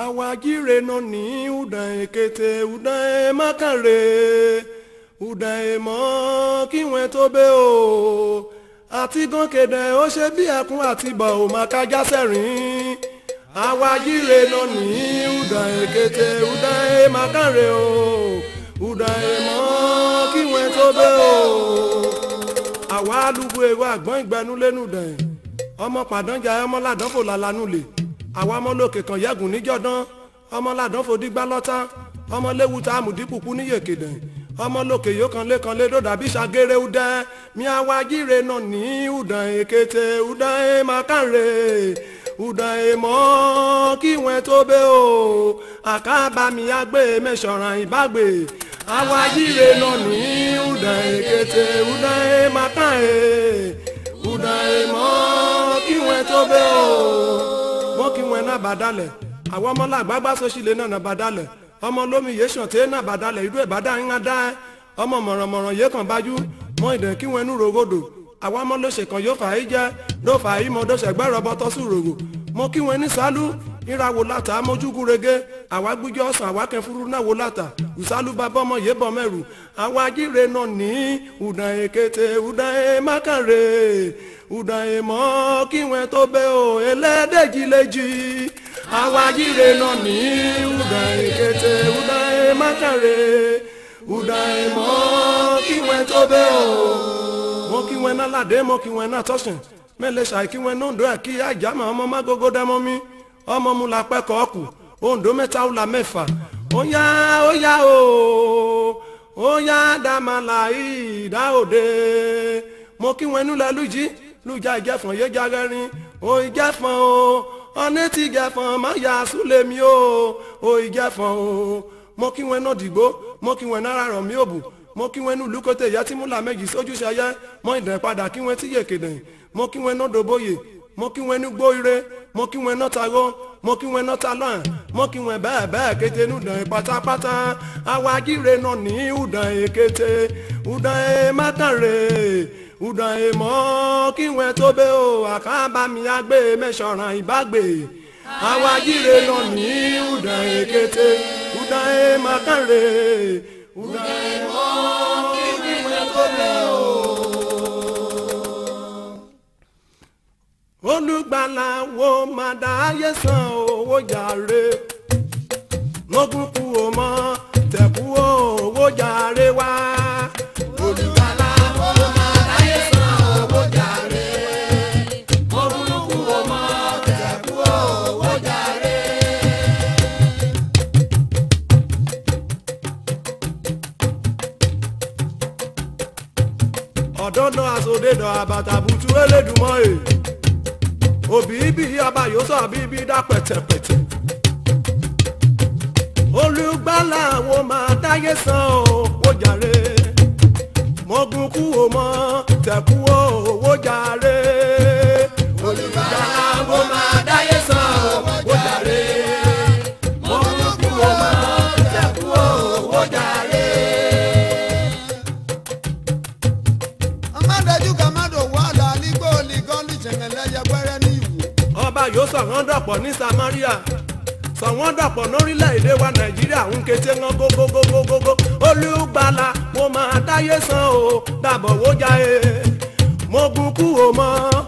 awagire noni udae kete udae makare udae mọ kí wọn tó bẹ o àti gan kedẹ ó ṣe bí ẹkún àti bọ ò má kájá sẹrin awagire noni udae kete udae makare o udae mọ kí wọn tó bẹ o àwa alugbo ewa àgbọn ìgbẹnulẹnu dẹ ọmọ pàdánjà ọmọ làdánfò làlánú lè àwa ọmọlókè kan yẹ́gùn níjọ́dán ọmọládán fòdígbà lọ́tà ọmọléwu tá a mú dípùpù níyèkèdè ọmọlókè yóò kan lé kan lé dòdà bí ṣàgéré udẹ mi àwa jíire náà ní udan èkété udan èmàkàrè udan èmọ́ kí wọ́n tó bẹ́ o àkábàmì àgbè mẹ́sọ̀ràn ìbágbè àwa jíire náà ní udan èkété udan èmàkàrè udan èmọ́ kí wọ́n tó bẹ́ o náà bá dalẹ̀ àwọn ọmọ làgbà gbà so sílẹ̀ náà bá dalẹ̀ ọmọ lómi yé sàn tẹ́ náà bá dalẹ̀ irú ẹ̀ bá dá ń dá ẹ́ ọmọ mọ̀rànmọ̀ràn yé kan bájú mọ ìdẹ̀ kí wọn ẹnu rògbòdò àwọn ọmọ lóṣè kan yóò fà í jẹ́ ló fà í mọ dọ́sẹ̀ gbẹ́rọ bọ́tọ́ sí rògbò mọ kí wọn ẹni sálú ìràwò látà mójúkú rege àwa gbújọ́ ọ̀sán àwa kẹfúrú náà wò látà ìsálú bàbá ọmọ yé bọ̀ mẹ́rù àwa jíire náà ní ùdàn èkété ùdàn èmákàrè ụdaịmọ ka ịnweta obe o eledejileji awajire nọ n'ụdaikete ụdaịmakare ụdaịmọ ka ịnweta obe o mokinwe na lade mokinwe na tọsin mẹlẹsà kíwẹ nọndọ àkí àjàmà ọmọ magogo dẹmọmí ọmọ mu la pẹkọ ọkù òǹdó mẹ́ta ọlà mefa oya oya o óyá dàmàlà ìdá ode! mo kíwẹ nulẹ lùjí. lùjà ìjẹfọn yé jagẹrin o ìjẹfọn o ọ̀nẹ́ ti ìjẹfọn má yà súlẹ̀mí o o ìjẹfọn o mo kí wọn náà dìgbò mo kí wọn náírà ràn mí òbù mo kí wọn ní olùkọ́tẹ̀ ìyá tí mo là méjì sójúṣe ayé mọ ìdàn padà kí wọn ti yè kéde mo kí wọn náà dòbóyè mo kí wọn ní gbó ire mo kí wọn náà ta ró mo kí wọn náà ta lọ́n mo kí wọn bẹ́ẹ̀ bẹ́ẹ̀ kété nùdàn pátápátá àwọn ajíire náà ní ùdàn èkété ùdàn èmátàn rèé udan èèmọ̀ kí wọ́n tó bẹ́ o àkàbàmí àgbè mẹ́sọ̀ràn ibagbe àwọn ajíire lọ ní udan èkété udan èèmàkànrè udan èèmọ̀ kí wọ́n tó bẹ́ o. olùgbàlà wo màdà ayé san owó jàre lógún kú o mọ tẹ̀kú owó jàre. Don't know to asòdèdàn àbàtàbùtù elédùnmọ́ è òbí bí ọba yóò sọ bíbí dá pẹ̀tẹ̀pẹ̀tẹ̀ olùgbàlà àwọn máa dáyé san ó oh mọ́gun kú o mọ́ ẹlẹ́yẹ pẹ́rẹ́ ní ìwò. ọba yóò sọ wọ́n dọ̀pọ̀ ní Samaria sọ wọ́n dọ̀pọ̀ lórílẹ̀‐èdè wa Nàìjíríà ń kété wọn gógógógógó olùgbàlà mo máa dáyé san o dàbọ̀ wó jáde mo gun kú o mọ́.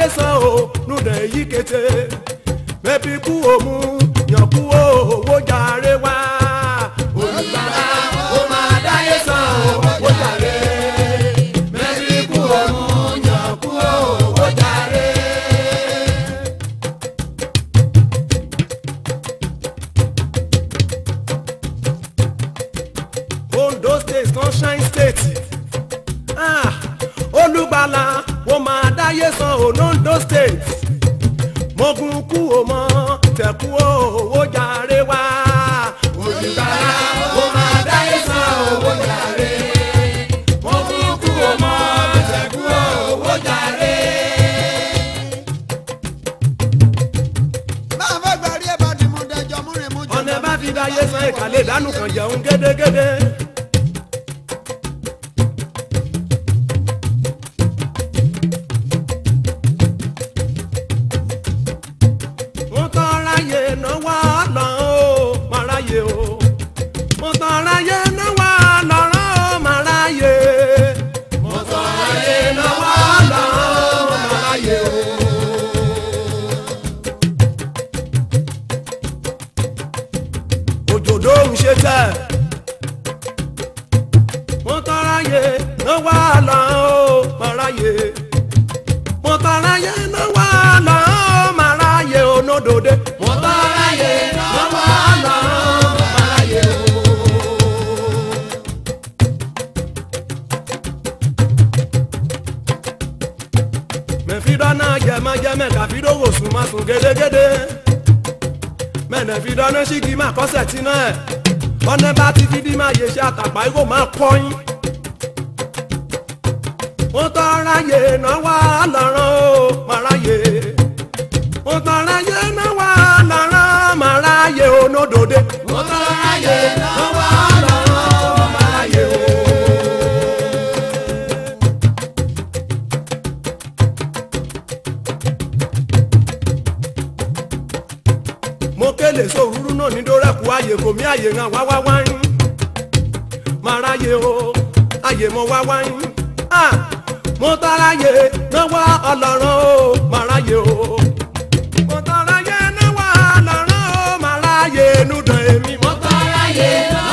ayé san o nùdẹ̀ yí kété bẹ́ẹ̀ bí kú òmu yàn kú owó jàre. o mọ́ tẹ̀kú owó jàre wá. olùbárà ó máa dáyé san owó jàre. mo kú kú o mọ́ tẹ̀kú owó jàre. báwo bá gbàrí ẹ̀ bá ti mú dẹjọ́ múrin mú jù. ọ̀nà bá fi dáyé san ìkàlẹ̀ ìdánù kan jẹun gédégédé. ẹ̀nà fi dáná ṣígi máa kọ́sẹ̀ tí náà ẹ̀ ọ̀nà bá ti fi dí máa yẹ ṣe àtàpá yìí máa kọ́yìn. mo tọ́ ráyè náà wá o mà ráyè. mo tọ́ ráyè náà wá lọ́rán mà ráyè onódòdè. mo tọ́ ráyè náà náà wá wá wáyín máa ráyè o ayé mọ wá wáyín mo tara yé náà wá ọlọ́run o máa ráyè o. mo tara yé náà wá ọlọ́run o máa ráyè nùdàn èmi. mo tara o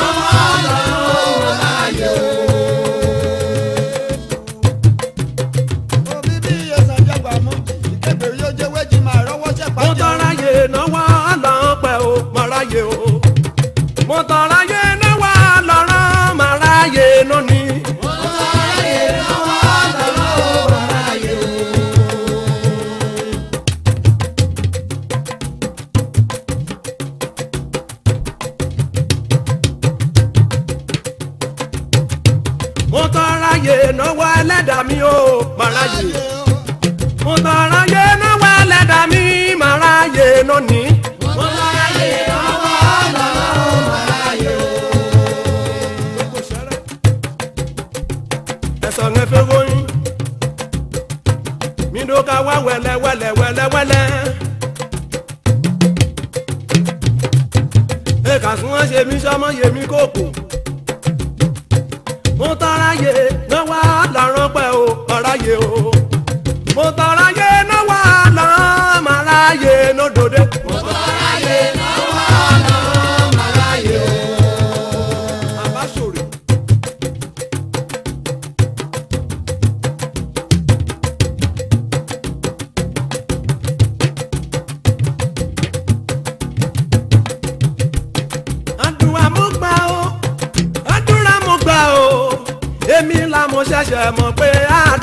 máa ráyè lẹ́dà mi ó màráyè. mo màráyè náà wà lẹ́dà mi màráyè náà ní. mo màráyè náà wà lọ́wọ́ màráyè mi ló ka wá wẹ́lẹ́ wẹ́lẹ́ wẹ́lẹ́ wẹ́lẹ́. èkà sún wọn ṣe mí sọmọ yèmí kòkò. ṣẹ̀ṣẹ̀ mọ̀ pé àdó.